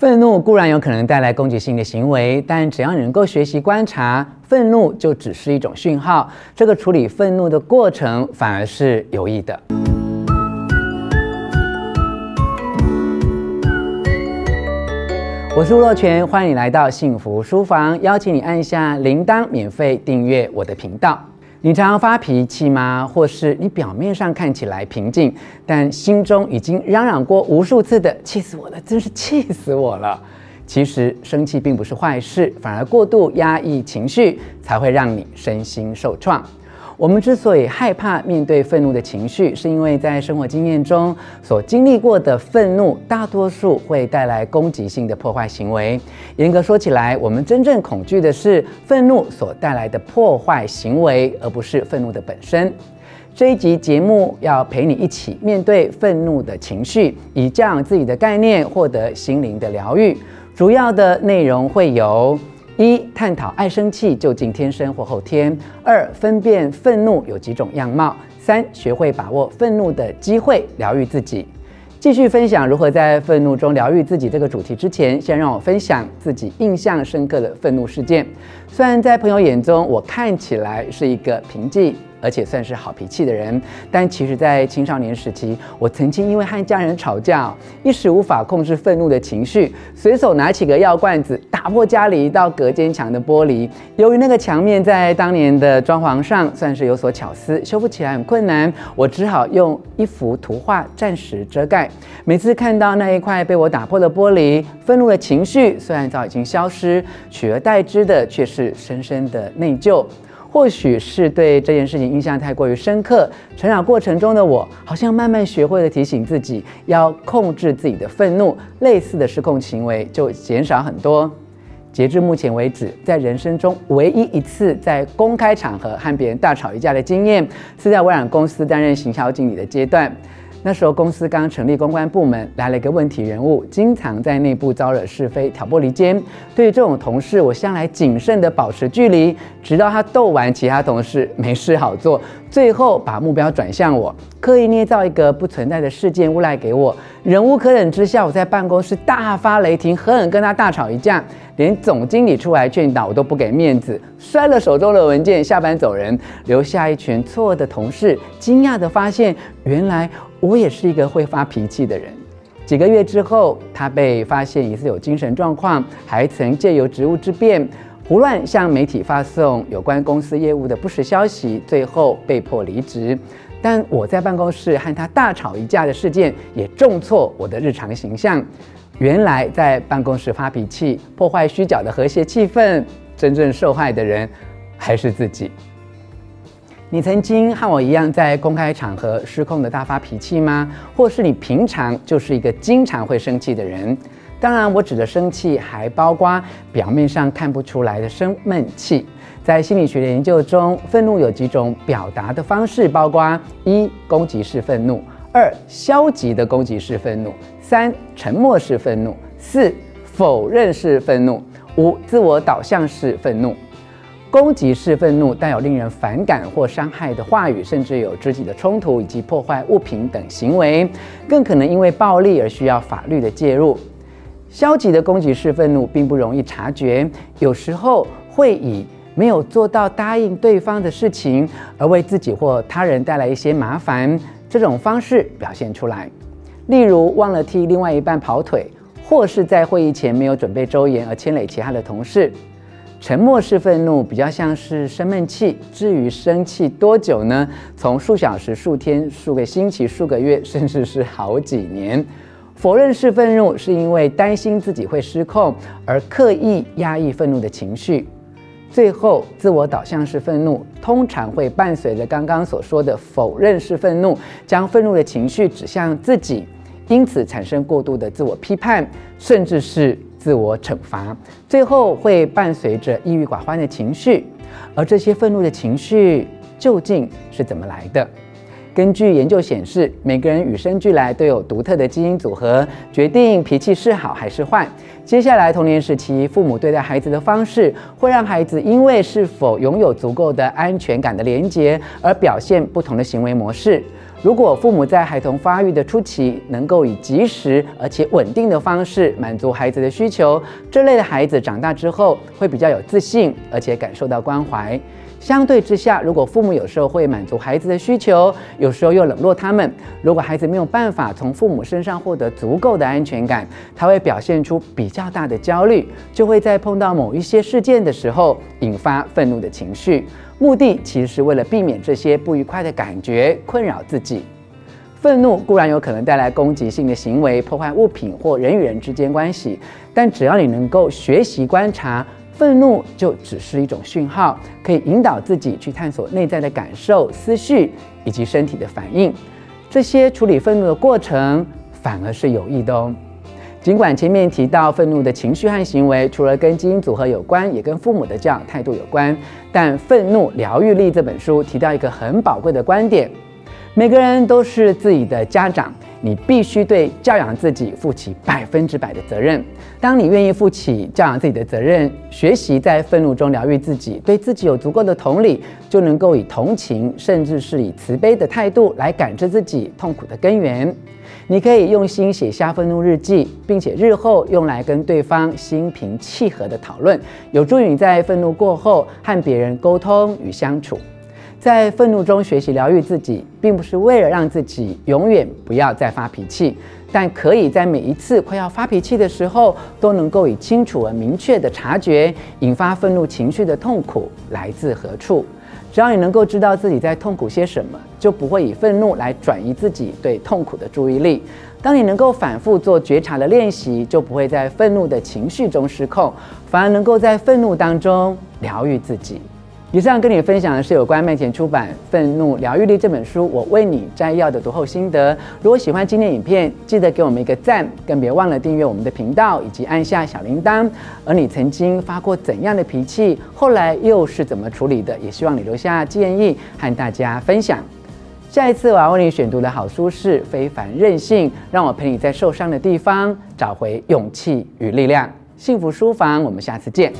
憤怒固然有可能帶來攻擊性的行為，但只要你能夠學習觀察，憤怒就只是一種訊號。這個處理憤怒的過程反而是有益的。我是吳若權，歡迎你來到幸福書房，邀請你按下鈴鐺，免費訂閱我的頻道。你常常發脾氣嗎？或是你表面上看起來平靜，但心中已經嚷嚷過無數次的“氣死我了，真是氣死我了”？其實生氣並不是壞事，反而過度壓抑情緒才會讓你身心受創。我們之所以害怕面對憤怒的情緒，是因為在生活經驗中所經歷過的憤怒，大多數會帶來攻擊性的破壞行為。嚴格說起來，我們真正恐懼的是憤怒所帶來的破壞行為，而不是憤怒的本身。這一集節目要陪你一起面對憤怒的情緒，以將自己的概念，獲得心靈的療癒。主要的內容會有。一、探討愛生氣究竟天生或後天；二、分辨憤怒有幾種樣貌；三、學會把握憤怒的機會，療癒自己。繼續分享如何在憤怒中療癒自己這個主題之前，先讓我分享自己印象深刻的憤怒事件。雖然在朋友眼中，我看起來是一個平靜。而且算是好脾氣的人，但其實，在青少年時期，我曾經因為和家人吵架，一時無法控制憤怒的情緒，隨手拿起個藥罐子，打破家裡一道隔間牆的玻璃。由於那個牆面在當年的裝潢上算是有所巧思，修復起來很困難，我只好用一幅圖畫暫時遮蓋。每次看到那一塊被我打破的玻璃，憤怒的情緒雖然早已經消失，取而代之的卻是深深的內疚。或許是對這件事情印象太過於深刻，成長過程中的我好像慢慢學會了提醒自己要控制自己的憤怒，類似的失控行為就減少很多。截至目前為止，在人生中唯一一次在公開場合和別人大吵一架的經驗，是在微軟公司擔任行銷經理的階段。那時候公司剛成立公關部門，來了一個問題人物，經常在內部招惹是非、挑撥離間。對於這種同事，我向來謹慎地保持距離，直到他鬥完其他同事，沒事好做，最後把目標轉向我。刻意捏造一個不存在的事件，誣賴給我。忍無可忍之下，我在辦公室大發雷霆，狠狠跟他大吵一架，連總經理出來勸導我都不給面子，摔了手中的文件，下班走人，留下一群錯愕的同事。驚訝地發現，原來我也是一個會發脾氣的人。幾個月之後，他被發現疑似有精神狀況，還曾借由職務之便，胡亂向媒體發送有關公司業務的不實消息，最後被迫離職。但我在辦公室和他大吵一架的事件，也重挫我的日常形象。原來在辦公室發脾氣，破壞虛假的和諧氣氛，真正受害的人還是自己。你曾經和我一樣，在公開場合失控的大發脾氣嗎？或是你平常就是一個經常會生氣的人？當然，我指的生氣還包括表面上看不出來的生悶氣。在心理學的研究中，憤怒有幾種表達的方式，包括：一、攻擊式憤怒；二、消極的攻擊式憤怒；三、沉默式憤怒；四、否認式憤怒；五、自我導向式憤怒。攻擊式憤怒帶有令人反感或傷害的話語，甚至有肢體的衝突以及破壞物品等行為，更可能因為暴力而需要法律的介入。消極的攻擊式憤怒並不容易察覺，有時候會以沒有做到答應對方的事情而為自己或他人帶來一些麻煩這種方式表現出來。例如忘了替另外一半跑腿，或是在會議前沒有準備周延而牽累其他的同事。沉默式憤怒比較像是生悶氣，至於生氣多久呢？從數小時、數天、數個星期、數個月，甚至是好幾年。否認式憤怒是因為擔心自己會失控，而刻意壓抑憤怒的情緒。最後自我導向式憤怒通常會伴隨着剛剛所說的否認式憤怒，將憤怒的情緒指向自己，因此產生過度的自我批判，甚至是自我懲罰。最後會伴隨着抑鬱寡歡的情緒。而這些憤怒的情緒究竟是怎麼來的？根據研究顯示，每個人與生俱來都有獨特的基因組合，決定脾氣是好還是壞。接下來，童年時期父母對待孩子的方式，會讓孩子因為是否擁有足夠的安全感的連接，而表現不同的行為模式。如果父母在孩童發育的初期，能夠以即時而且穩定的方式滿足孩子的需求，這類的孩子長大之後會比較有自信，而且感受到關懷。相對之下，如果父母有時候會滿足孩子的需求，有時候又冷落他們，如果孩子沒有辦法從父母身上獲得足夠的安全感，他會表現出比較大的焦慮，就會在碰到某一些事件的時候引發憤怒的情緒。目的其實是為了避免這些不愉快的感覺困擾自己。憤怒固然有可能帶來攻擊性的行為，破壞物品或人與人之間關係，但只要你能夠學習觀察。憤怒就只是一種訊號，可以引導自己去探索內在的感受、思緒以及身體的反應。這些處理憤怒的過程反而是有益的哦。儘管前面提到憤怒的情緒和行為，除了跟基因組合有關，也跟父母的教養態度有關，但《憤怒療癒力》這本書提到一個很寶貴的觀點：每個人都是自己的家長。你必須對教養自己負起百分之百的責任。當你願意負起教養自己的責任，學習在憤怒中療癒自己，對自己有足夠的同理，就能夠以同情，甚至是以慈悲的態度來感知自己痛苦的根源。你可以用心寫下憤怒日記，並且日後用來跟對方心平氣和的討論，有助於你在憤怒過後和別人溝通與相處。在憤怒中學習療癒自己，並不是為了讓自己永遠不要再發脾氣，但可以在每一次快要發脾氣的時候，都能夠以清楚而明確的察覺，引發憤怒情緒的痛苦來自何處。只要你能夠知道自己在痛苦些什麼，就不會以憤怒來轉移自己對痛苦的注意力。當你能夠反覆做覺察的練習，就不會在憤怒的情緒中失控，反而能夠在憤怒當中療癒自己。以上跟你分享的是有關麥田出版《憤怒療癒力》這本書，我為你摘要的讀後心得。如果喜歡今天影片，記得給我們一個讚，更別忘了訂閱我們的頻道以及按下小鈴鐺。而你曾經發過怎樣的脾氣，後來又是怎麼處理的？也希望你留下建議和大家分享。下一次我要為你選讀的好書是《非凡任性》，讓我陪你在受傷的地方找回勇氣與力量。幸福書房，我們下次見。